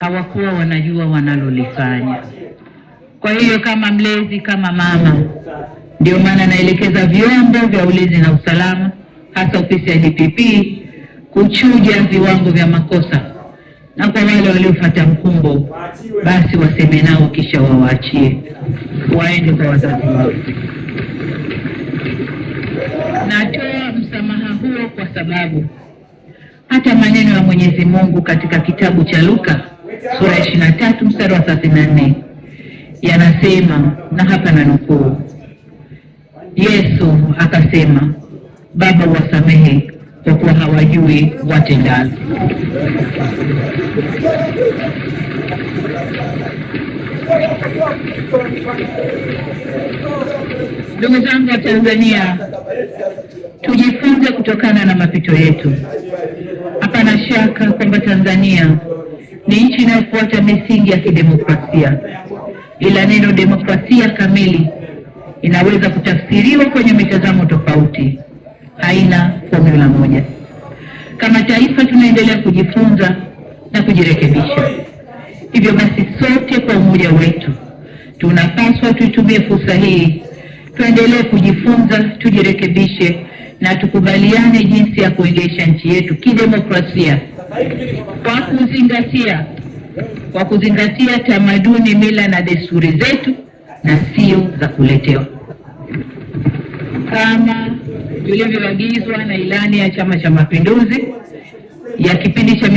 hawakuwa wanajua wanalolifanya. Kwa hiyo kama mlezi, kama mama, ndio maana naelekeza vyombo vya ulinzi na usalama, hasa ofisi ya DPP kuchuja viwango vya makosa, na kwa wale waliofuata mkumbo, basi waseme nao, kisha wawaachie waende kwa wazazi wao. Natoa msamaha huo kwa sababu hata maneno ya Mwenyezi Mungu katika kitabu cha Luka sura ya ishirini na tatu mstari wa thelathini na nne yanasema, na hapa na nukuu, Yesu akasema, Baba, wasamehe kwa kuwa hawajui watendalo. Ndugu zangu wa Tanzania, tujifunze kutokana na mapito yetu. Hapana shaka kwamba Tanzania ni nchi inayofuata misingi ya kidemokrasia, ila neno demokrasia kamili inaweza kutafsiriwa kwenye mitazamo tofauti, haina fomula moja. Kama taifa tunaendelea kujifunza na kujirekebisha. Hivyo basi, sote kwa umoja wetu tunapaswa tuitumie fursa hii, tuendelee kujifunza, tujirekebishe na tukubaliane jinsi ya kuendesha nchi yetu kidemokrasia kwa kuzingatia kwa kuzingatia tamaduni, mila na desturi zetu na sio za kuletewa kama vilivyoagizwa na ilani ya Chama cha Mapinduzi ya kipindi cha